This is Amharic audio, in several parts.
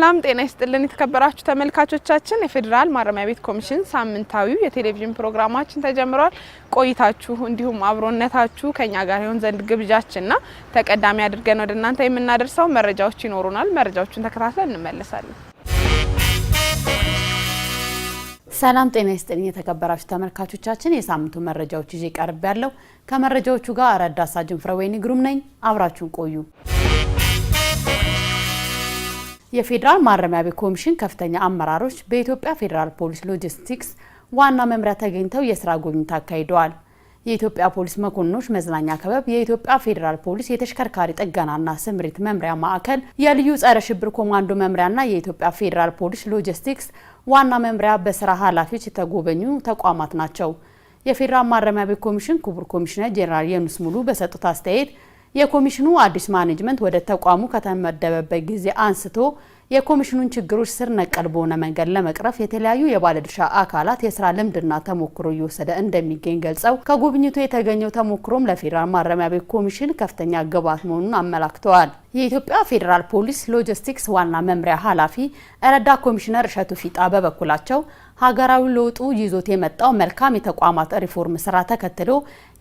ሰላም ጤና ይስጥልን የተከበራችሁ ተመልካቾቻችን፣ የፌዴራል ማረሚያ ቤት ኮሚሽን ሳምንታዊው የቴሌቪዥን ፕሮግራማችን ተጀምሯል። ቆይታችሁ እንዲሁም አብሮነታችሁ ከኛ ጋር ይሆን ዘንድ ግብዣችንና ተቀዳሚ አድርገን ወደ እናንተ የምናደርሰው መረጃዎች ይኖሩናል። መረጃዎቹን ተከታትለን እንመለሳለን። ሰላም ጤና ይስጥልን የተከበራችሁ ተመልካቾቻችን፣ የሳምንቱ መረጃዎች ይዤ ቀርብ ያለው ከመረጃዎቹ ጋር ረዳት ሳጅን ፍረወይኒ ግሩም ነኝ። አብራችሁን ቆዩ። የፌዴራል ማረሚያ ቤት ኮሚሽን ከፍተኛ አመራሮች በኢትዮጵያ ፌዴራል ፖሊስ ሎጂስቲክስ ዋና መምሪያ ተገኝተው የስራ ጉብኝት አካሂደዋል። የኢትዮጵያ ፖሊስ መኮንኖች መዝናኛ ክበብ፣ የኢትዮጵያ ፌዴራል ፖሊስ የተሽከርካሪ ጥገናና ስምሪት መምሪያ ማዕከል፣ የልዩ ጸረ ሽብር ኮማንዶ መምሪያና የኢትዮጵያ ፌዴራል ፖሊስ ሎጂስቲክስ ዋና መምሪያ በስራ ኃላፊዎች የተጎበኙ ተቋማት ናቸው። የፌዴራል ማረሚያ ቤት ኮሚሽን ክቡር ኮሚሽነር ጄኔራል የኑስ ሙሉ በሰጡት አስተያየት የኮሚሽኑ አዲስ ማኔጅመንት ወደ ተቋሙ ከተመደበበት ጊዜ አንስቶ የኮሚሽኑን ችግሮች ስር ነቀል በሆነ መንገድ ለመቅረፍ የተለያዩ የባለድርሻ አካላት የስራ ልምድና ተሞክሮ እየወሰደ እንደሚገኝ ገልጸው ከጉብኝቱ የተገኘው ተሞክሮም ለፌዴራል ማረሚያ ቤት ኮሚሽን ከፍተኛ ግብዓት መሆኑን አመላክተዋል። የኢትዮጵያ ፌዴራል ፖሊስ ሎጂስቲክስ ዋና መምሪያ ኃላፊ ረዳ ኮሚሽነር እሸቱ ፊጣ በበኩላቸው ሀገራዊ ለውጡ ይዞት የመጣው መልካም የተቋማት ሪፎርም ስራ ተከትሎ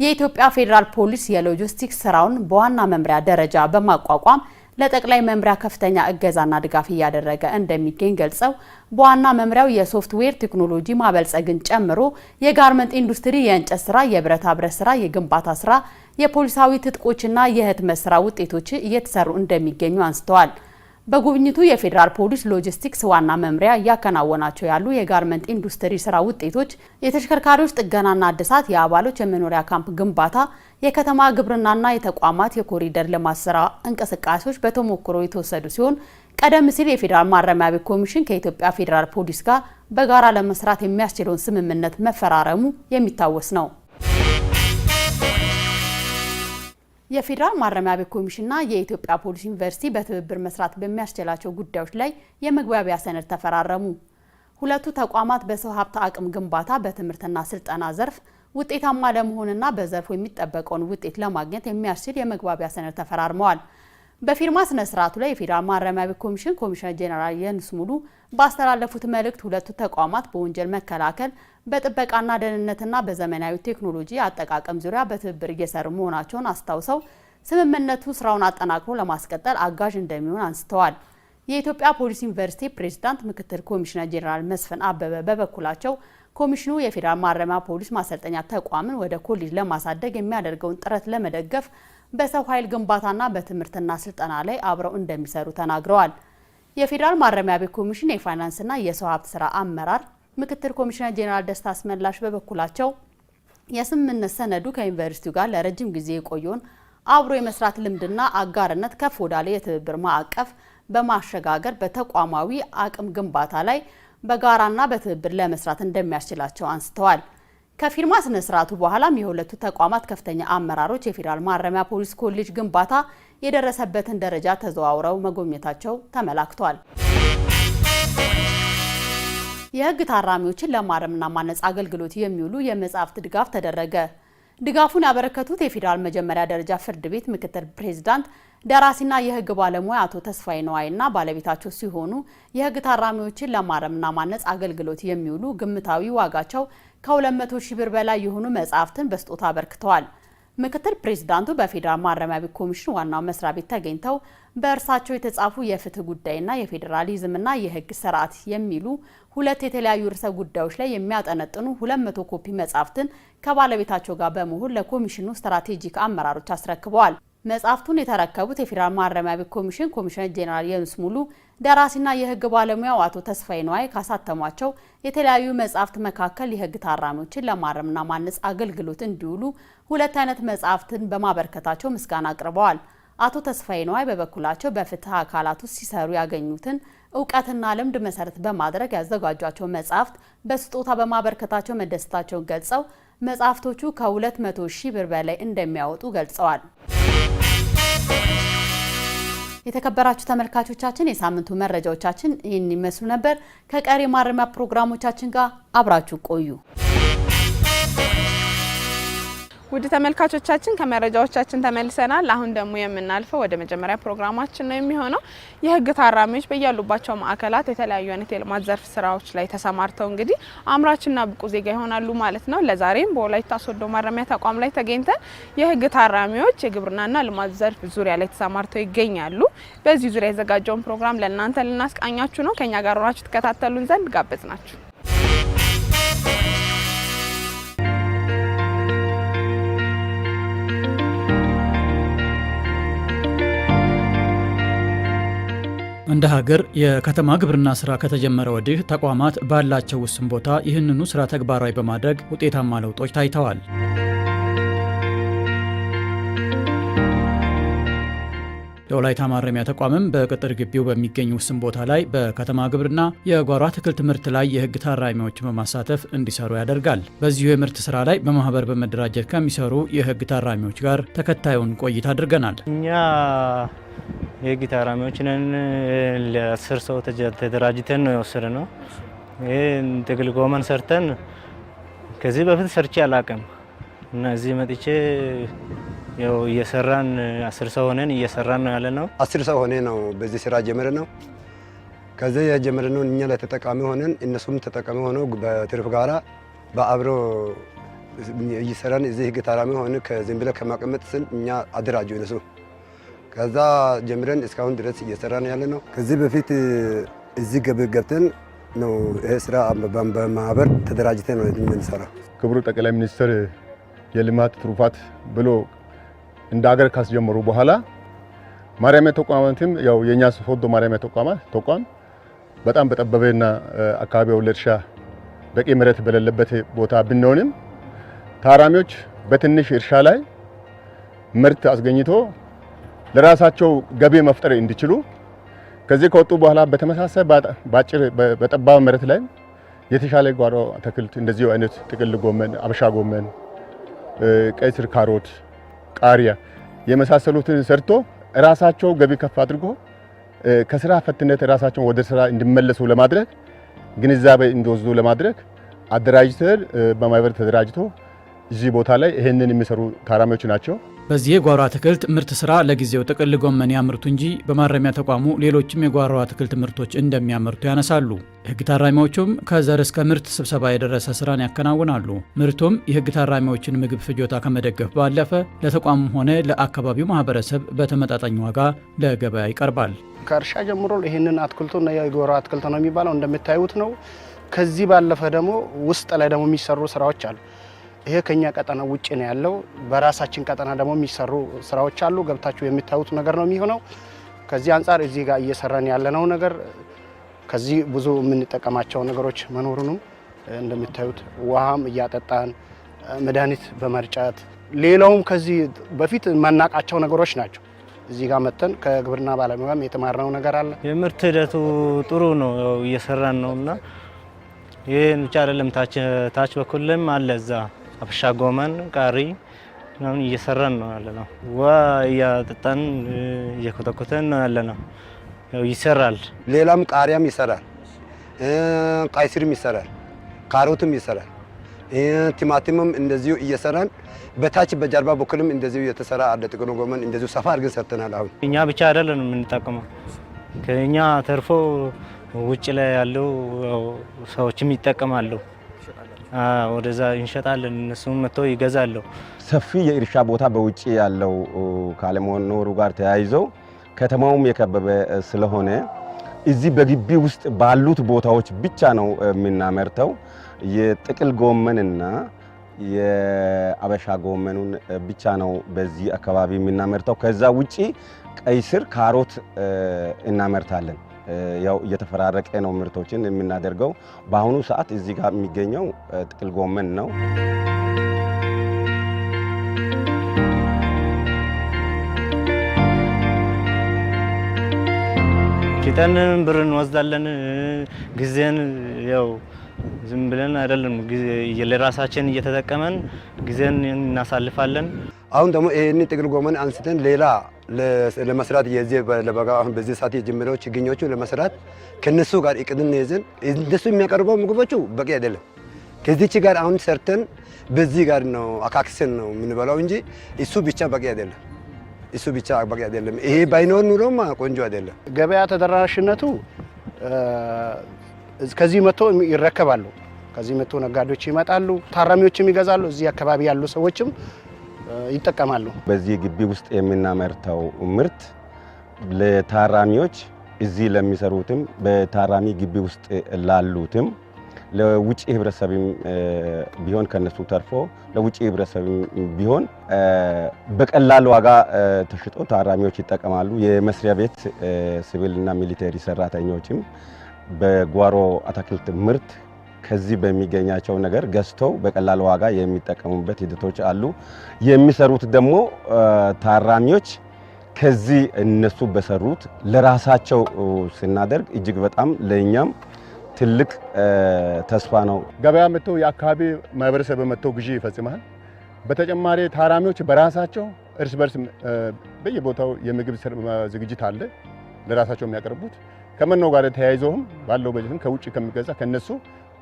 የኢትዮጵያ ፌዴራል ፖሊስ የሎጂስቲክስ ስራውን በዋና መምሪያ ደረጃ በማቋቋም ለጠቅላይ መምሪያ ከፍተኛ እገዛና ድጋፍ እያደረገ እንደሚገኝ ገልጸው በዋና መምሪያው የሶፍትዌር ቴክኖሎጂ ማበልጸግን ጨምሮ የጋርመንት ኢንዱስትሪ፣ የእንጨት ስራ፣ የብረታ ብረት ስራ፣ የግንባታ ስራ፣ የፖሊሳዊ ትጥቆችና የህትመት ስራ ውጤቶች እየተሰሩ እንደሚገኙ አንስተዋል። በጉብኝቱ የፌዴራል ፖሊስ ሎጂስቲክስ ዋና መምሪያ እያከናወናቸው ያሉ የጋርመንት ኢንዱስትሪ ስራ ውጤቶች፣ የተሽከርካሪዎች ጥገናና እድሳት፣ የአባሎች የመኖሪያ ካምፕ ግንባታ፣ የከተማ ግብርናና የተቋማት የኮሪደር ልማት ስራ እንቅስቃሴዎች በተሞክሮ የተወሰዱ ሲሆን ቀደም ሲል የፌዴራል ማረሚያ ቤት ኮሚሽን ከኢትዮጵያ ፌዴራል ፖሊስ ጋር በጋራ ለመስራት የሚያስችለውን ስምምነት መፈራረሙ የሚታወስ ነው። የፌዴራል ማረሚያ ቤት ኮሚሽንና የኢትዮጵያ ፖሊስ ዩኒቨርሲቲ በትብብር መስራት በሚያስችላቸው ጉዳዮች ላይ የመግባቢያ ሰነድ ተፈራረሙ። ሁለቱ ተቋማት በሰው ሀብት አቅም ግንባታ፣ በትምህርትና ስልጠና ዘርፍ ውጤታማ ለመሆንና በዘርፉ የሚጠበቀውን ውጤት ለማግኘት የሚያስችል የመግባቢያ ሰነድ ተፈራርመዋል። በፊርማ ስነ ስርዓቱ ላይ የፌዴራል ማረሚያ ቤት ኮሚሽን ኮሚሽነር ጄኔራል የንስ ሙሉ ባስተላለፉት መልእክት ሁለቱ ተቋማት በወንጀል መከላከል፣ በጥበቃና ደህንነትና በዘመናዊ ቴክኖሎጂ አጠቃቀም ዙሪያ በትብብር እየሰሩ መሆናቸውን አስታውሰው ስምምነቱ ስራውን አጠናክሮ ለማስቀጠል አጋዥ እንደሚሆን አንስተዋል። የኢትዮጵያ ፖሊስ ዩኒቨርሲቲ ፕሬዝዳንት ምክትል ኮሚሽነር ጄኔራል መስፍን አበበ በበኩላቸው ኮሚሽኑ የፌዴራል ማረሚያ ፖሊስ ማሰልጠኛ ተቋምን ወደ ኮሌጅ ለማሳደግ የሚያደርገውን ጥረት ለመደገፍ በሰው ኃይል ግንባታና በትምህርትና ስልጠና ላይ አብረው እንደሚሰሩ ተናግረዋል። የፌዴራል ማረሚያ ቤት ኮሚሽን የፋይናንስና የሰው ሀብት ስራ አመራር ምክትል ኮሚሽነር ጄኔራል ደስታ አስመላሽ በበኩላቸው የስምምነት ሰነዱ ከዩኒቨርሲቲው ጋር ለረጅም ጊዜ የቆየውን አብሮ የመስራት ልምድና አጋርነት ከፍ ወዳለ የትብብር ማዕቀፍ በማሸጋገር በተቋማዊ አቅም ግንባታ ላይ በጋራና በትብብር ለመስራት እንደሚያስችላቸው አንስተዋል። ከፊርማ ስነ ስርዓቱ በኋላም የሁለቱ ተቋማት ከፍተኛ አመራሮች የፌዴራል ማረሚያ ፖሊስ ኮሌጅ ግንባታ የደረሰበትን ደረጃ ተዘዋውረው መጎብኘታቸው ተመላክቷል። የህግ ታራሚዎችን ለማረምና ማነጽ አገልግሎት የሚውሉ የመጻሕፍት ድጋፍ ተደረገ። ድጋፉን ያበረከቱት የፌዴራል መጀመሪያ ደረጃ ፍርድ ቤት ምክትል ፕሬዝዳንት ደራሲና የህግ ባለሙያ አቶ ተስፋዬ ነዋይና ባለቤታቸው ሲሆኑ የህግ ታራሚዎችን ለማረምና ማነጽ አገልግሎት የሚውሉ ግምታዊ ዋጋቸው ከ200 ሺህ ብር በላይ የሆኑ መጽሐፍትን በስጦታ አበርክተዋል። ምክትል ፕሬዚዳንቱ በፌዴራል ማረሚያ ቤት ኮሚሽን ዋናው መስሪያ ቤት ተገኝተው በእርሳቸው የተጻፉ የፍትህ ጉዳይና የፌዴራሊዝምና የህግ ስርዓት የሚሉ ሁለት የተለያዩ ርዕሰ ጉዳዮች ላይ የሚያጠነጥኑ 200 ኮፒ መጽሐፍትን ከባለቤታቸው ጋር በመሆን ለኮሚሽኑ ስትራቴጂክ አመራሮች አስረክበዋል። መጽሐፍቱን የተረከቡት የፌዴራል ማረሚያ ቤት ኮሚሽን ኮሚሽነር ጄኔራል ዮኑስ ሙሉ ደራሲና የህግ ባለሙያው አቶ ተስፋዬ ነዋይ ካሳተሟቸው የተለያዩ መጽሐፍት መካከል የህግ ታራሚዎችን ለማረምና ማነጽ አገልግሎት እንዲውሉ ሁለት አይነት መጽሐፍትን በማበርከታቸው ምስጋና አቅርበዋል። አቶ ተስፋዬ ነዋይ በበኩላቸው በፍትህ አካላት ውስጥ ሲሰሩ ያገኙትን እውቀትና ልምድ መሰረት በማድረግ ያዘጋጇቸው መጽሐፍት በስጦታ በማበርከታቸው መደሰታቸውን ገልጸው መጽሐፍቶቹ ከ200 ሺህ ብር በላይ እንደሚያወጡ ገልጸዋል። የተከበራችሁ ተመልካቾቻችን የሳምንቱ መረጃዎቻችን ይህን ይመስሉ ነበር። ከቀሪ ማረሚያ ፕሮግራሞቻችን ጋር አብራችሁ ቆዩ። ውድ ተመልካቾቻችን ከመረጃዎቻችን ተመልሰናል። አሁን ደግሞ የምናልፈው ወደ መጀመሪያ ፕሮግራማችን ነው የሚሆነው። የህግ ታራሚዎች በያሉባቸው ማዕከላት የተለያዩ አይነት የልማት ዘርፍ ስራዎች ላይ ተሰማርተው እንግዲህ አምራችና ብቁ ዜጋ ይሆናሉ ማለት ነው። ለዛሬም በወላይታ ሶዶ ማረሚያ ተቋም ላይ ተገኝተን የህግ ታራሚዎች የግብርናና ልማት ዘርፍ ዙሪያ ላይ ተሰማርተው ይገኛሉ። በዚህ ዙሪያ የዘጋጀውን ፕሮግራም ለእናንተ ልናስቃኛችሁ ነው። ከኛ ጋር ሆናችሁ ትከታተሉን ዘንድ ጋበዝ ናችሁ። እንደ ሀገር የከተማ ግብርና ስራ ከተጀመረ ወዲህ ተቋማት ባላቸው ውስን ቦታ ይህንኑ ስራ ተግባራዊ በማድረግ ውጤታማ ለውጦች ታይተዋል። የወላይታ ማረሚያ ተቋምም በቅጥር ግቢው በሚገኝ ውስን ቦታ ላይ በከተማ ግብርና የጓሮ አትክልት ምርት ላይ የህግ ታራሚዎችን በማሳተፍ እንዲሰሩ ያደርጋል። በዚሁ የምርት ስራ ላይ በማህበር በመደራጀት ከሚሰሩ የህግ ታራሚዎች ጋር ተከታዩን ቆይታ አድርገናል። እኛ የህግ ታራሚዎች ነን። ለአስር ሰው ተደራጅተን ነው የወሰደ ነው። ይህ ጥቅል ጎመን ሰርተን ከዚህ በፊት ሰርቼ አላቅም እና እዚህ መጥቼ ያው እየሰራን አስር ሰው ሆነን እየሰራን ነው ያለ ነው። አስር ሰው ሆነ ነው በዚህ ስራ ጀመረ ነው። ከዚህ የጀመረ ነው እኛ ላይ ተጠቃሚ ሆነን እነሱም ተጠቃሚ ሆነው በትርፍ ጋራ በአብሮ እየሰራን እዚህ ህግ ታራሚ ሆነ ከዝም ብለ ከማቀመጥ ስል እኛ አደራጁ እነሱ ከዛ ጀምረን እስካሁን ድረስ እየሰራን ያለ ነው። ከዚህ በፊት እዚህ ገብ ገብተን ነው ይሄ ስራ በማህበር ተደራጅተን ነው የምንሰራ። ክቡር ጠቅላይ ሚኒስትር የልማት ትሩፋት ብሎ እንደ ሀገር ካስጀመሩ በኋላ ማረሚያ ተቋማትም ያው የኛ ሶዶ ማረሚያ ተቋማት ተቋም በጣም በጠበበና አካባቢው ለእርሻ በቂ መሬት በሌለበት ቦታ ብንሆንም ታራሚዎች በትንሽ እርሻ ላይ ምርት አስገኝቶ ለራሳቸው ገቢ መፍጠር እንዲችሉ ከዚህ ከወጡ በኋላ በተመሳሳይ ባጭር በጠባብ መሬት ላይ የተሻለ ጓሮ አትክልት እንደዚህ አይነት ጥቅል ጎመን፣ አበሻ ጎመን፣ ቀይ ስር፣ ካሮት ቃሪያ የመሳሰሉትን ሰርቶ ራሳቸው ገቢ ከፍ አድርጎ ከስራ ፈትነት ራሳቸውን ወደ ስራ እንዲመለሱ ለማድረግ ግንዛቤ እንዲወስዱ ለማድረግ አደራጅተን በማህበር ተደራጅቶ እዚህ ቦታ ላይ ይህንን የሚሰሩ ታራሚዎች ናቸው። በዚህ የጓሮ አትክልት ምርት ስራ ለጊዜው ጥቅል ጎመን ያምርቱ እንጂ በማረሚያ ተቋሙ ሌሎችም የጓሮ አትክልት ምርቶች እንደሚያመርቱ ያነሳሉ። የህግ ታራሚዎቹም ከዘር እስከ ምርት ስብሰባ የደረሰ ስራን ያከናውናሉ። ምርቱም የህግ ታራሚዎችን ምግብ ፍጆታ ከመደገፍ ባለፈ ለተቋሙም ሆነ ለአካባቢው ማህበረሰብ በተመጣጣኝ ዋጋ ለገበያ ይቀርባል። ከእርሻ ጀምሮ ይህንን አትክልቱ የጓሮ አትክልት ነው የሚባለው እንደምታዩት ነው። ከዚህ ባለፈ ደግሞ ውስጥ ላይ ደግሞ የሚሰሩ ስራዎች አሉ። ይሄ ከኛ ቀጠና ውጭ ነው ያለው። በራሳችን ቀጠና ደግሞ የሚሰሩ ስራዎች አሉ። ገብታችሁ የምታዩት ነገር ነው የሚሆነው። ከዚህ አንጻር እዚህ ጋር እየሰራን ያለነው ነገር ከዚህ ብዙ የምንጠቀማቸው ነገሮች መኖሩንም እንደምታዩት ውሃም እያጠጣን መድኃኒት በመርጨት ሌላውም ከዚህ በፊት የማናቃቸው ነገሮች ናቸው። እዚህ ጋር መጥተን ከግብርና ባለሙያም የተማርነው ነገር አለ። የምርት ሂደቱ ጥሩ ነው፣ እየሰራን ነው እና ይህን ብቻ አይደለም ታች በኩልም አለ እዛ አብሻ ጎመን፣ ቃሪ ምናምን እየሰራን ነው ያለ ነው። ውሃ እያጠጣን እየኮተኮተን ነው ያለ ነው። ይሰራል። ሌላም ቃሪያም ይሰራል፣ ቃይስርም ይሰራል፣ ካሮትም ይሰራል፣ ቲማቲምም እንደዚሁ እየሰራን በታች በጀርባ በኩልም እንደዚሁ የተሰራ አለ። ጥቅሎ ጎመን እንደዚሁ ሰፋ አድርገን ሰርተናል። አሁን እኛ ብቻ አይደለን የምንጠቀመው ከእኛ ተርፎ ውጭ ላይ ያለው ሰዎችም ይጠቀማሉ። ወደዛ እንሸጣለን፣ እነሱም መጥቶ ይገዛለሁ። ሰፊ የእርሻ ቦታ በውጭ ያለው ካለመኖሩ ጋር ተያይዘው ከተማውም የከበበ ስለሆነ እዚህ በግቢ ውስጥ ባሉት ቦታዎች ብቻ ነው የምናመርተው። የጥቅል ጎመንና የአበሻ ጎመኑን ብቻ ነው በዚህ አካባቢ የምናመርተው። ከዛ ውጪ ቀይ ስር፣ ካሮት እናመርታለን። ያው እየተፈራረቀ ነው ምርቶችን የምናደርገው። በአሁኑ ሰዓት እዚህ ጋር የሚገኘው ጥቅል ጎመን ነው። ሽጠን ብር እንወስዳለን። ጊዜን ያው ዝም ብለን አይደለም ለራሳችን እየተጠቀመን ጊዜን እናሳልፋለን። አሁን ደግሞ ይህን ጥቅል ጎመን አንስተን ሌላ ለመስራት የዚህ ለበጋ አሁን በዚህ ሰዓት የጀመረው ችግኞቹ ለመስራት ከነሱ ጋር እቅድን ይዘን እንደሱ የሚያቀርበው ምግቦቹ በቂ አይደለም። ከዚች ጋር አሁን ሰርተን በዚህ ጋር ነው አካክሰን ነው የምንበላው እንጂ እሱ ብቻ በቂ አይደለም። እሱ ብቻ በቂ አይደለም። ይሄ ባይኖር ኑሮማ ቆንጆ አይደለም። ገበያ ተደራሽነቱ ከዚህ መጥቶ ይረከባሉ። ከዚህ መጥቶ ነጋዴዎች ይመጣሉ፣ ታራሚዎችም ይገዛሉ። እዚህ አካባቢ ያሉ ሰዎችም ይጠቀማሉ። በዚህ ግቢ ውስጥ የምናመርተው ምርት ለታራሚዎች እዚህ ለሚሰሩትም በታራሚ ግቢ ውስጥ ላሉትም ለውጭ ህብረተሰብም ቢሆን ከነሱ ተርፎ ለውጭ ህብረተሰብም ቢሆን በቀላል ዋጋ ተሽጦ ታራሚዎች ይጠቀማሉ። የመስሪያ ቤት ሲቪልና ሚሊተሪ ሰራተኞችም በጓሮ አትክልት ምርት ከዚህ በሚገኛቸው ነገር ገዝተው በቀላል ዋጋ የሚጠቀሙበት ሂደቶች አሉ። የሚሰሩት ደግሞ ታራሚዎች ከዚህ እነሱ በሰሩት ለራሳቸው ስናደርግ እጅግ በጣም ለእኛም ትልቅ ተስፋ ነው። ገበያ መጥቶ የአካባቢ ማህበረሰብ መጥቶ ግዢ ይፈጽማል። በተጨማሪ ታራሚዎች በራሳቸው እርስ በርስ በየቦታው የምግብ ዝግጅት አለ ለራሳቸው የሚያቀርቡት ከመኖ ጋር ተያይዘውም ባለው በጀትም ከውጭ ከሚገዛ ከነሱ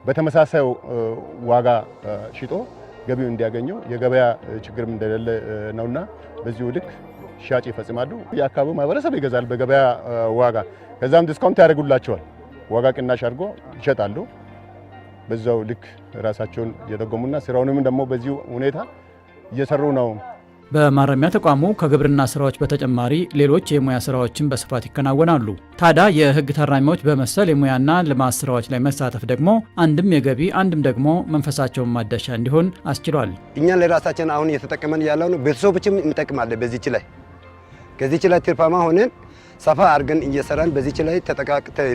በተመሳሳይ ዋጋ ሽጦ ገቢው እንዲያገኘው የገበያ ችግርም እንደሌለ ነውና በዚሁ ልክ ሻጭ ይፈጽማሉ። የአካባቢው ማህበረሰብ ይገዛል በገበያ ዋጋ። ከዛም ዲስካውንት ያደርጉላቸዋል። ዋጋ ቅናሽ አድርጎ ይሸጣሉ። በዛው ልክ ራሳቸውን እየደጎሙና ስራውንም ደግሞ በዚሁ ሁኔታ እየሰሩ ነው። በማረሚያ ተቋሙ ከግብርና ስራዎች በተጨማሪ ሌሎች የሙያ ስራዎችን በስፋት ይከናወናሉ። ታዲያ የህግ ታራሚዎች በመሰል የሙያና ልማት ስራዎች ላይ መሳተፍ ደግሞ አንድም የገቢ አንድም ደግሞ መንፈሳቸውን ማደሻ እንዲሆን አስችሏል። እኛን ለራሳችን አሁን እየተጠቀመን ያለው ነው። ቤተሰቦችም እንጠቅማለን። በዚች ላይ ከዚች ላይ ትርፋማ ሆነን ሰፋ አድርገን እየሰራን በዚች ላይ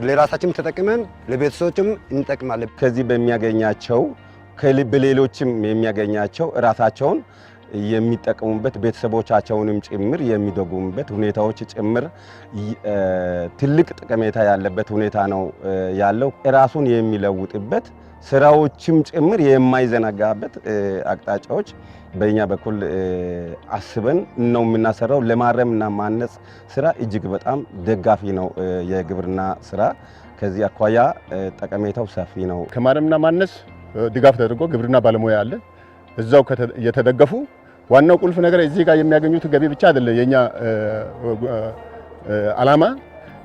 ለራሳችን ተጠቅመን ለቤተሰቦችም እንጠቅማለን። ከዚህ በሚያገኛቸው ከልብ ሌሎችም የሚያገኛቸው ራሳቸውን የሚጠቀሙበት ቤተሰቦቻቸውንም ጭምር የሚደጉሙበት ሁኔታዎች ጭምር ትልቅ ጠቀሜታ ያለበት ሁኔታ ነው ያለው። ራሱን የሚለውጥበት ስራዎችም ጭምር የማይዘነጋበት አቅጣጫዎች በእኛ በኩል አስበን ነው የምናሰራው። ለማረም ና ማነጽ ስራ እጅግ በጣም ደጋፊ ነው የግብርና ስራ። ከዚህ አኳያ ጠቀሜታው ሰፊ ነው። ከማረምና ማነጽ ድጋፍ ተደርጎ ግብርና ባለሙያ አለ እዛው የተደገፉ ዋናው ቁልፍ ነገር እዚህ ጋር የሚያገኙት ገቢ ብቻ አይደለም የኛ አላማ።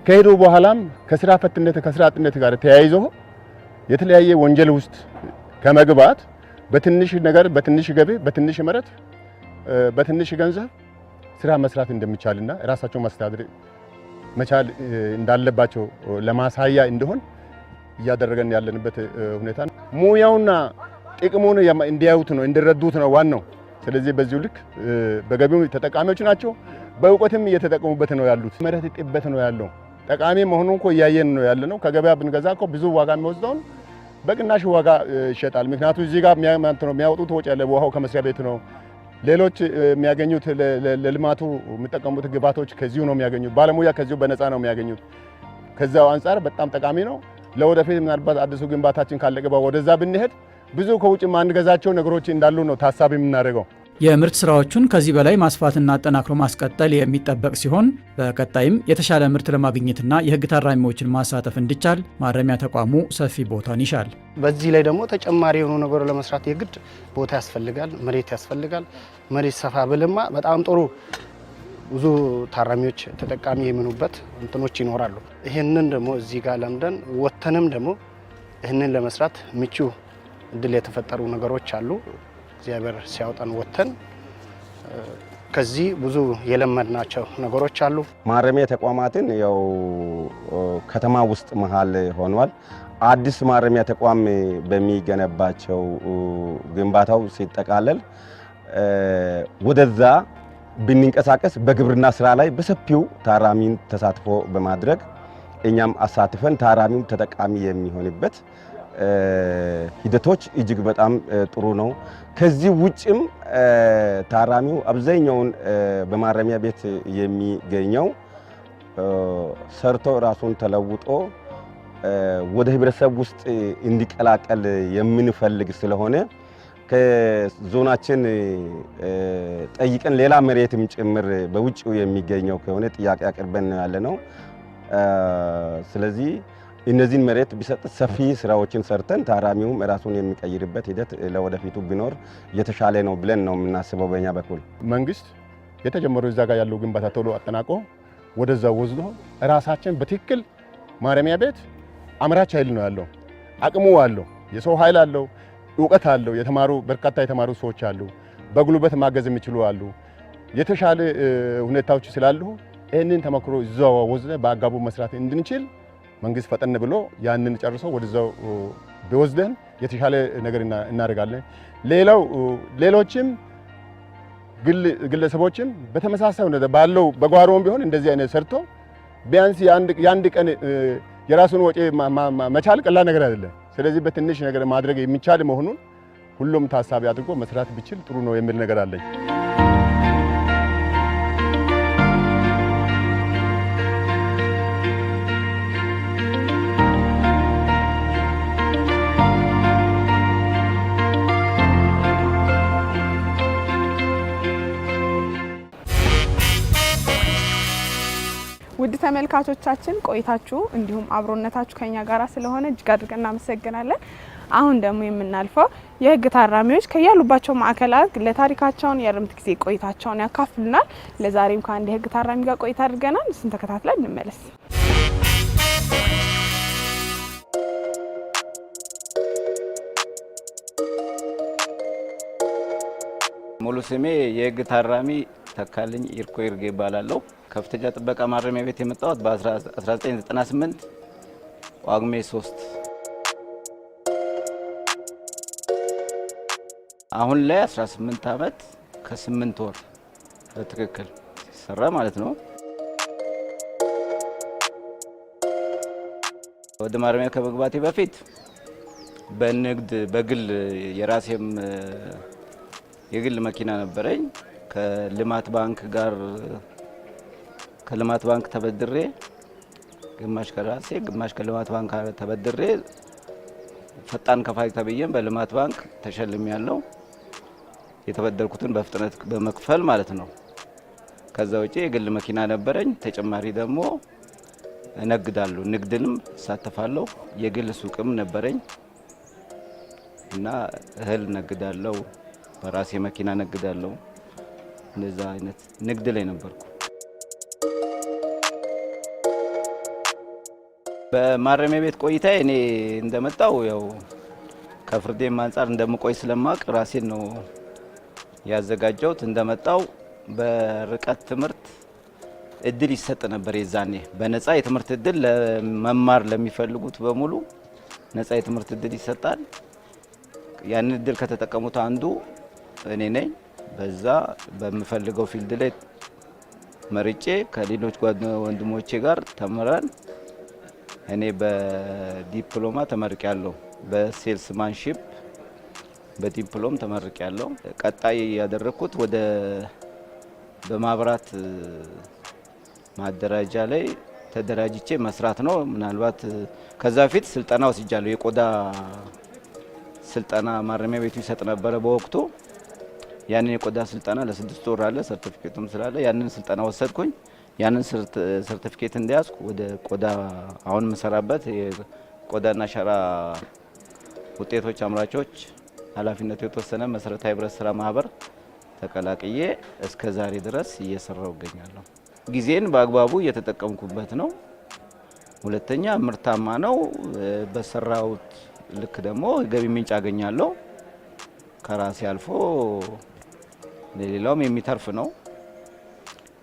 ከሄዱ በኋላም ከስራ ፈትነት ከስራ አጥነት ጋር ተያይዞ የተለያየ ወንጀል ውስጥ ከመግባት በትንሽ ነገር በትንሽ ገቢ በትንሽ መሬት በትንሽ ገንዘብ ስራ መስራት እንደሚቻልና ራሳቸው ማስተዳደር መቻል እንዳለባቸው ለማሳያ እንደሆን እያደረገን ያለንበት ሁኔታ ሙያውና ጥቅሙን እንዲያዩት ነው እንዲረዱት ነው ዋናው። ስለዚህ በዚሁ ልክ በገቢው ተጠቃሚዎች ናቸው፣ በእውቀትም እየተጠቀሙበት ነው ያሉት። መሬት ጥበት ነው ያለው ጠቃሚ መሆኑን እኮ እያየን ነው ያለ ነው። ከገበያ ብንገዛ እኮ ብዙ ዋጋ የሚወስደውን በቅናሽ ዋጋ ይሸጣል። ምክንያቱ እዚህ ጋር የሚያወጡት ወጪ ያለ ውሃው ከመስሪያ ቤት ነው። ሌሎች የሚያገኙት ለልማቱ የሚጠቀሙት ግባቶች ከዚሁ ነው የሚያገኙት። ባለሙያ ከዚሁ በነፃ ነው የሚያገኙት። ከዚያው አንጻር በጣም ጠቃሚ ነው። ለወደፊት ምናልባት አዲሱ ግንባታችን ካለቀባ ወደዛ ብንሄድ ብዙ ከውጭ ማንገዛቸው ነገሮች እንዳሉ ነው ታሳቢ የምናደርገው። የምርት ስራዎቹን ከዚህ በላይ ማስፋትና አጠናክሮ ማስቀጠል የሚጠበቅ ሲሆን በቀጣይም የተሻለ ምርት ለማግኘትና የህግ ታራሚዎችን ማሳተፍ እንዲቻል ማረሚያ ተቋሙ ሰፊ ቦታን ይሻል። በዚህ ላይ ደግሞ ተጨማሪ የሆኑ ነገሩ ለመስራት የግድ ቦታ ያስፈልጋል፣ መሬት ያስፈልጋል። መሬት ሰፋ ብልማ በጣም ጥሩ ብዙ ታራሚዎች ተጠቃሚ የሚሆኑበት እንትኖች ይኖራሉ። ይህንን ደግሞ እዚህ ጋር ለምደን ወተንም ደግሞ ይህንን ለመስራት ምቹ እድል የተፈጠሩ ነገሮች አሉ። እግዚአብሔር ሲያውጠን ወጥተን ከዚህ ብዙ የለመድናቸው ነገሮች አሉ። ማረሚያ ተቋማትን ያው ከተማ ውስጥ መሀል ሆኗል። አዲስ ማረሚያ ተቋም በሚገነባቸው ግንባታው ሲጠቃለል ወደዛ ብንንቀሳቀስ በግብርና ስራ ላይ በሰፊው ታራሚን ተሳትፎ በማድረግ እኛም አሳትፈን ታራሚው ተጠቃሚ የሚሆንበት ሂደቶች እጅግ በጣም ጥሩ ነው። ከዚህ ውጭም ታራሚው አብዛኛውን በማረሚያ ቤት የሚገኘው ሰርቶ ራሱን ተለውጦ ወደ ህብረተሰብ ውስጥ እንዲቀላቀል የምንፈልግ ስለሆነ ከዞናችን ጠይቀን ሌላ መሬትም ጭምር በውጭው የሚገኘው ከሆነ ጥያቄ አቅርበን ያለ ነው። ስለዚህ እነዚህን መሬት ቢሰጥ ሰፊ ስራዎችን ሰርተን ታራሚውም ራሱን የሚቀይርበት ሂደት ለወደፊቱ ቢኖር የተሻለ ነው ብለን ነው የምናስበው። በኛ በኩል መንግስት የተጀመረው እዛ ጋር ያለው ግንባታ ቶሎ አጠናቆ ወደዛ ወዝዶ ራሳችን በትክክል ማረሚያ ቤት አምራች ኃይል ነው ያለው፣ አቅሙ አለው፣ የሰው ኃይል አለው፣ እውቀት አለው። የተማሩ በርካታ የተማሩ ሰዎች አሉ፣ በጉልበት ማገዝ የሚችሉ አሉ። የተሻለ ሁኔታዎች ስላሉ ይህንን ተመክሮ እዛ ወዝ በአጋቡ መስራት እንድንችል መንግስት ፈጠን ብሎ ያንን ጨርሶ ወደዛው ቢወስደን የተሻለ ነገር እናደርጋለን። ሌላው ሌሎችም ግለሰቦችም በተመሳሳይ ባለው በጓሮም ቢሆን እንደዚህ አይነት ሰርቶ ቢያንስ የአንድ ቀን የራሱን ወጪ መቻል ቀላል ነገር አይደለም። ስለዚህ በትንሽ ነገር ማድረግ የሚቻል መሆኑን ሁሉም ታሳቢ አድርጎ መስራት ቢችል ጥሩ ነው የሚል ነገር አለኝ። ተመልካቾቻችን ቆይታችሁ እንዲሁም አብሮነታችሁ ከኛ ጋር ስለሆነ እጅግ አድርገን እናመሰግናለን። አሁን ደግሞ የምናልፈው የህግ ታራሚዎች ከያሉባቸው ማዕከላት ለታሪካቸውን የእርምት ጊዜ ቆይታቸውን ያካፍሉናል። ለዛሬም ከአንድ የህግ ታራሚ ጋር ቆይታ አድርገናል። እሱን ተከታትለን እንመለስ። ሙሉ ስሜ የህግ ታራሚ ተካልኝ ኢርኮ ይርጌ ይባላለሁ። ከፍተኛ ጥበቃ ማረሚያ ቤት የመጣሁት በ1998 ጳጉሜ 3። አሁን ላይ 18 ዓመት ከ8 ወር በትክክል ሲሰራ ማለት ነው። ወደ ማረሚያ ከመግባቴ በፊት በንግድ በግል የራሴም የግል መኪና ነበረኝ። ከልማት ባንክ ጋር ከልማት ባንክ ተበድሬ ግማሽ ከራሴ ግማሽ ከልማት ባንክ ተበድሬ ፈጣን ከፋይ ተብዬም በልማት ባንክ ተሸልም ያለው የተበደርኩትን በፍጥነት በመክፈል ማለት ነው። ከዛ ውጪ የግል መኪና ነበረኝ። ተጨማሪ ደግሞ እነግዳለሁ፣ ንግድንም እሳተፋለሁ። የግል ሱቅም ነበረኝ እና እህል ነግዳለሁ፣ በራሴ መኪና ነግዳለሁ። እንደዛ አይነት ንግድ ላይ ነበርኩ። በማረሚያ ቤት ቆይታ እኔ እንደመጣው ያው ከፍርዴም አንጻር እንደምቆይ ስለማቅ ራሴን ነው ያዘጋጀሁት። እንደመጣው በርቀት ትምህርት እድል ይሰጥ ነበር። የዛኔ በነፃ የትምህርት እድል ለመማር ለሚፈልጉት በሙሉ ነፃ የትምህርት እድል ይሰጣል። ያንን እድል ከተጠቀሙት አንዱ እኔ ነኝ። በዛ በምፈልገው ፊልድ ላይ መርጬ ከሌሎች ወንድሞቼ ጋር ተምረን እኔ በዲፕሎማ ተመርቅ ያለው በሴልስማንሺፕ በዲፕሎም ተመርቅ ያለው ቀጣይ ያደረግኩት ወደ በማብራት ማደራጃ ላይ ተደራጅቼ መስራት ነው። ምናልባት ከዛ በፊት ስልጠና ወስጃለሁ። የቆዳ ስልጠና ማረሚያ ቤቱ ይሰጥ ነበረ በወቅቱ ያንን የቆዳ ስልጠና ለስድስት ወር አለ፣ ሰርቲፊኬቱም ስላለ ያንን ስልጠና ወሰድኩኝ። ያንን ሰርቲፊኬት እንዲያዝኩ ወደ ቆዳ አሁን የምሰራበት የቆዳና ሸራ ውጤቶች አምራቾች ኃላፊነቱ የተወሰነ መሰረታዊ ህብረት ስራ ማህበር ተቀላቅዬ እስከ ዛሬ ድረስ እየሰራው እገኛለሁ። ጊዜን በአግባቡ እየተጠቀምኩበት ነው። ሁለተኛ ምርታማ ነው። በሰራውት ልክ ደግሞ ገቢ ምንጭ አገኛለሁ ከራሴ አልፎ ለሌላውም የሚተርፍ ነው።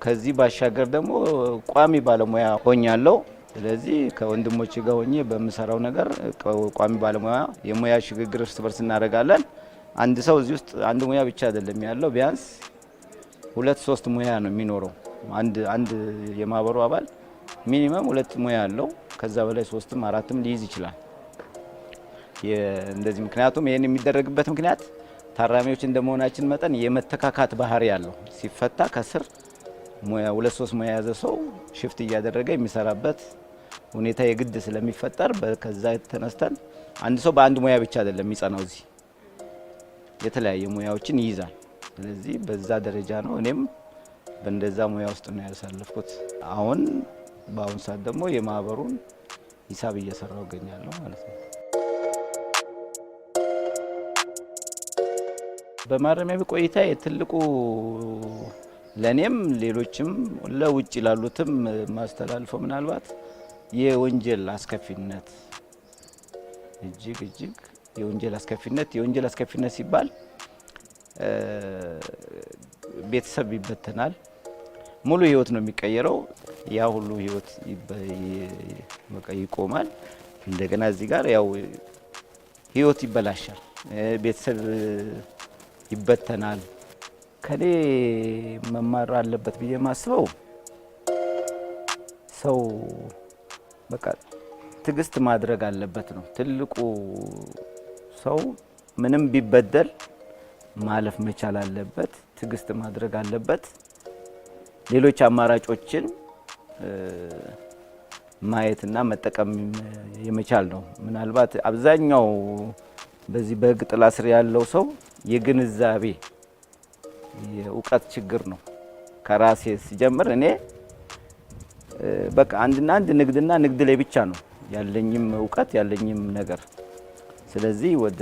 ከዚህ ባሻገር ደግሞ ቋሚ ባለሙያ ሆኛለሁ። ስለዚህ ከወንድሞች ጋር ሆኜ በምሰራው ነገር ቋሚ ባለሙያ የሙያ ሽግግር እርስ በርስ እናደርጋለን። አንድ ሰው እዚህ ውስጥ አንድ ሙያ ብቻ አይደለም ያለው፣ ቢያንስ ሁለት ሶስት ሙያ ነው የሚኖረው። አንድ አንድ የማህበሩ አባል ሚኒመም ሁለት ሙያ አለው። ከዛ በላይ ሶስትም አራትም ሊይዝ ይችላል። እንደዚህ ምክንያቱም ይህን የሚደረግበት ምክንያት ታራሚዎች እንደመሆናችን መጠን የመተካካት ባህሪ ያለው ሲፈታ ከስር ሙያ ሁለት ሶስት ሙያ የያዘ ሰው ሽፍት እያደረገ የሚሰራበት ሁኔታ የግድ ስለሚፈጠር ከዛ ተነስተን አንድ ሰው በአንድ ሙያ ብቻ አይደለም የሚጸናው፣ እዚህ የተለያየ ሙያዎችን ይይዛል። ስለዚህ በዛ ደረጃ ነው። እኔም በእንደዛ ሙያ ውስጥ ነው ያሳለፍኩት። አሁን በአሁኑ ሰዓት ደግሞ የማህበሩን ሂሳብ እየሰራው እገኛለሁ ማለት ነው። በማረሚያ ቤት ቆይታ የትልቁ ለእኔም ሌሎችም ለውጭ ላሉትም ማስተላልፈው ምናልባት የወንጀል አስከፊነት እጅግ እጅግ የወንጀል አስከፊነት የወንጀል አስከፊነት ሲባል ቤተሰብ ይበተናል። ሙሉ ህይወት ነው የሚቀየረው። ያ ሁሉ ህይወት ይቆማል። እንደገና እዚህ ጋር ያው ህይወት ይበላሻል። ቤተሰብ ይበተናል። ከኔ መማር አለበት ብዬ ማስበው ሰው በቃ ትዕግስት ማድረግ አለበት ነው ትልቁ። ሰው ምንም ቢበደል ማለፍ መቻል አለበት፣ ትዕግስት ማድረግ አለበት። ሌሎች አማራጮችን ማየትና መጠቀም የመቻል ነው። ምናልባት አብዛኛው በዚህ በሕግ ጥላ ስር ያለው ሰው የግንዛቤ የእውቀት ችግር ነው። ከራሴ ሲጀምር እኔ በቃ አንድና አንድ ንግድና ንግድ ላይ ብቻ ነው ያለኝም እውቀት ያለኝም ነገር። ስለዚህ ወደ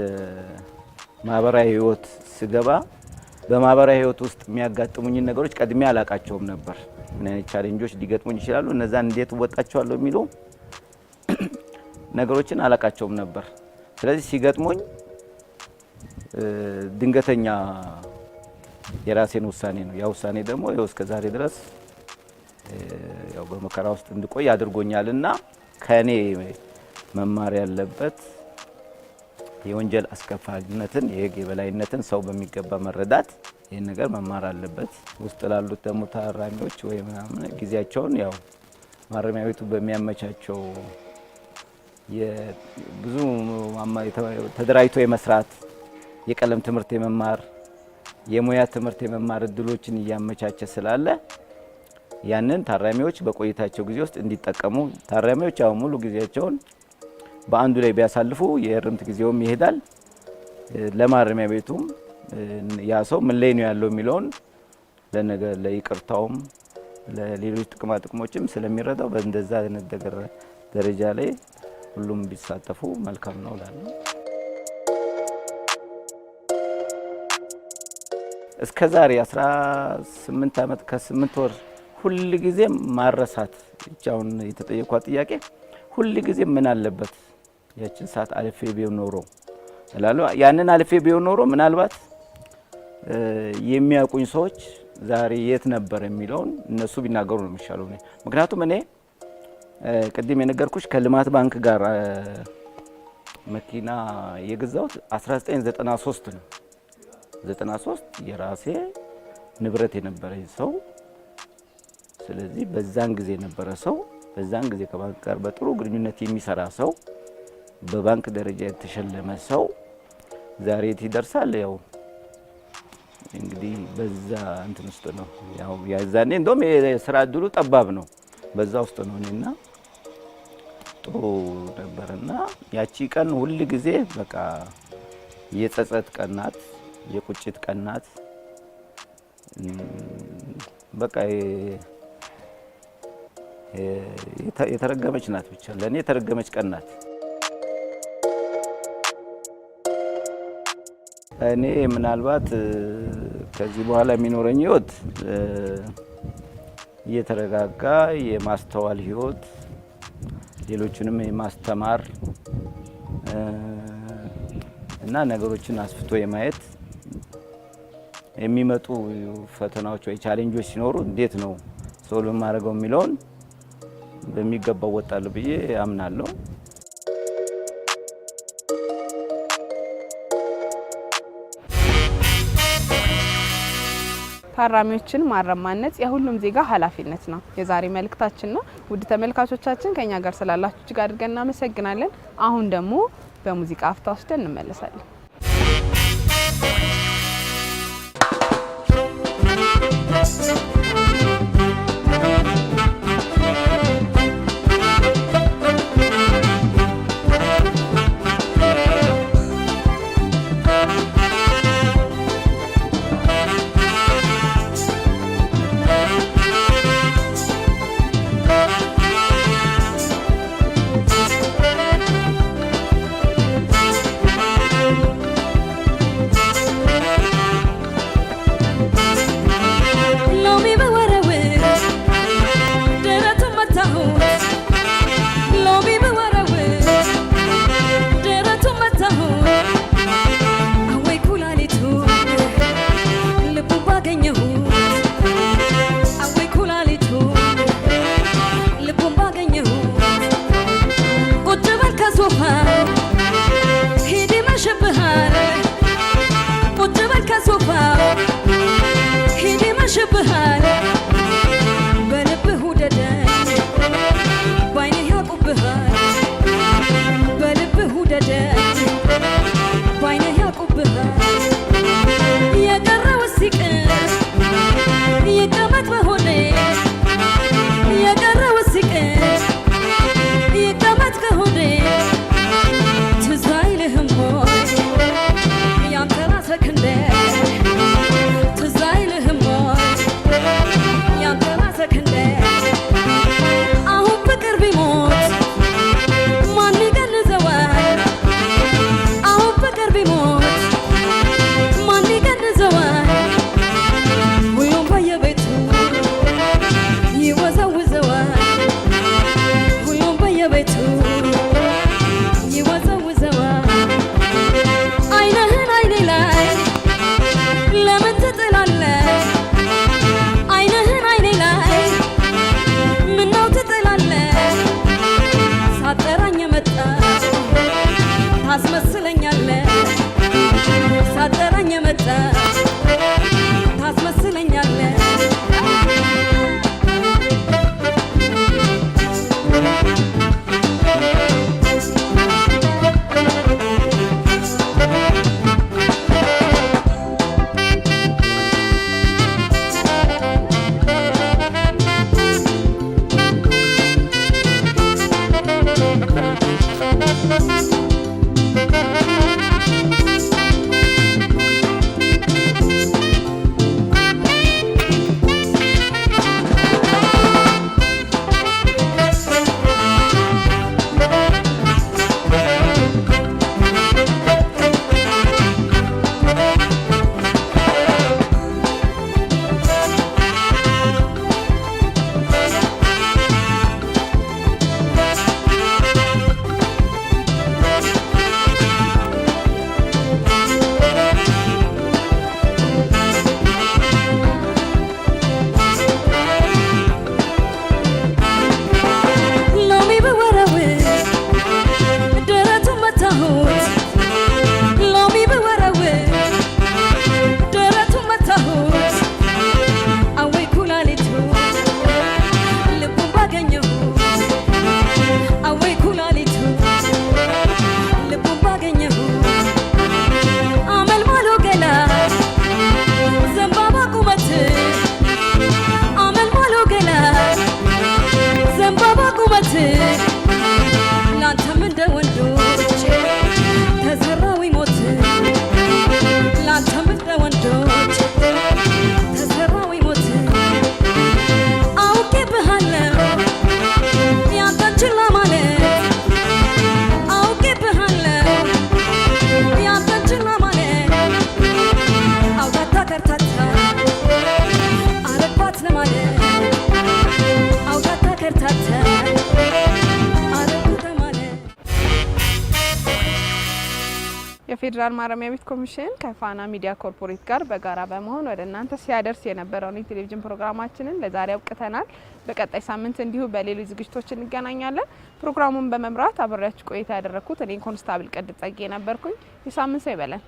ማህበራዊ ህይወት ስገባ በማህበራዊ ህይወት ውስጥ የሚያጋጥሙኝን ነገሮች ቀድሜ አላቃቸውም ነበር። ምን አይነት ቻሌንጆች ሊገጥሙኝ ይችላሉ፣ እነዛን እንዴት እወጣቸዋለሁ የሚሉ ነገሮችን አላቃቸውም ነበር። ስለዚህ ሲገጥሙኝ ድንገተኛ የራሴን ውሳኔ ነው። ያ ውሳኔ ደግሞ ያው እስከ ዛሬ ድረስ ያው በመከራ ውስጥ እንድቆይ አድርጎኛል እና ከእኔ መማር ያለበት የወንጀል አስከፋሪነትን፣ የህግ የበላይነትን ሰው በሚገባ መረዳት ይህን ነገር መማር አለበት። ውስጥ ላሉት ደግሞ ታራሚዎች ወይ ምናምን ጊዜያቸውን ያው ማረሚያ ቤቱ በሚያመቻቸው ብዙ ተደራጅቶ የመስራት የቀለም ትምህርት የመማር የሙያ ትምህርት የመማር እድሎችን እያመቻቸ ስላለ ያንን ታራሚዎች በቆይታቸው ጊዜ ውስጥ እንዲጠቀሙ ታራሚዎች አሁን ሙሉ ጊዜያቸውን በአንዱ ላይ ቢያሳልፉ የእርምት ጊዜውም ይሄዳል። ለማረሚያ ቤቱም ያ ሰው ምን ላይ ነው ያለው የሚለውን ለነገ ለይቅርታውም ለሌሎች ጥቅማ ጥቅሞችም ስለሚረዳው በእንደዛ አይነት ደረጃ ላይ ሁሉም ቢሳተፉ መልካም ነው እላለሁ። እስከ ዛሬ 18 ዓመት ከ8 ወር ሁል ጊዜ ማረሳት አሁን የተጠየኳ ጥያቄ ሁል ጊዜ ምን አለበት ያችን ሰዓት አልፌ ቢሆን ኖሮ እላለሁ። ያንን አልፌ ቢሆን ኖሮ ምናልባት የሚያውቁኝ ሰዎች ዛሬ የት ነበር የሚለውን እነሱ ቢናገሩ ነው የሚሻለው። ምክንያቱም እኔ ቅድም የነገርኩሽ ከልማት ባንክ ጋር መኪና የገዛሁት 1993 ነው። 93 የራሴ ንብረት የነበረኝ ሰው ስለዚህ በዛን ጊዜ የነበረ ሰው በዛን ጊዜ ከባንክ ጋር በጥሩ ግንኙነት የሚሰራ ሰው በባንክ ደረጃ የተሸለመ ሰው ዛሬ የት ይደርሳል? ያው እንግዲህ በዛ እንትን ውስጥ ነው። ያው ያዛኔ እንደውም የስራ እድሉ ጠባብ ነው። በዛ ውስጥ ነው እኔና ጥሩ ነበርና ያቺ ቀን ሁል ጊዜ በቃ የጸጸት ቀን ናት። የቁጭት ቀናት በቃ የተረገመች ናት። ብቻ ለእኔ የተረገመች ቀናት። እኔ ምናልባት ከዚህ በኋላ የሚኖረኝ ህይወት እየተረጋጋ የማስተዋል ህይወት፣ ሌሎችንም የማስተማር እና ነገሮችን አስፍቶ የማየት የሚመጡ ፈተናዎች ወይ ቻሌንጆች ሲኖሩ እንዴት ነው ሶልቭ የማደርገው የሚለውን በሚገባው ወጣለሁ ብዬ አምናለሁ። ታራሚዎችን ማረም ማነጽ የሁሉም ዜጋ ኃላፊነት ነው የዛሬ መልእክታችን ነው። ውድ ተመልካቾቻችን ከኛ ጋር ስላላችሁ እጅግ አድርገን እናመሰግናለን። አሁን ደግሞ በሙዚቃ አፍታ ወስደን እንመለሳለን። Thank you. የፌዴራል ማረሚያ ቤት ኮሚሽን ከፋና ሚዲያ ኮርፖሬት ጋር በጋራ በመሆን ወደ እናንተ ሲያደርስ የነበረውን የቴሌቪዥን ፕሮግራማችንን ለዛሬ አውቅተናል በቀጣይ ሳምንት እንዲሁ በሌሎች ዝግጅቶች እንገናኛለን። ፕሮግራሙን በመምራት አብሬያችሁ ቆይታ ያደረግኩት እኔ ኮንስታብል ቀድ ጸጌ ነበርኩኝ። የሳምንት ሰው ይበለን።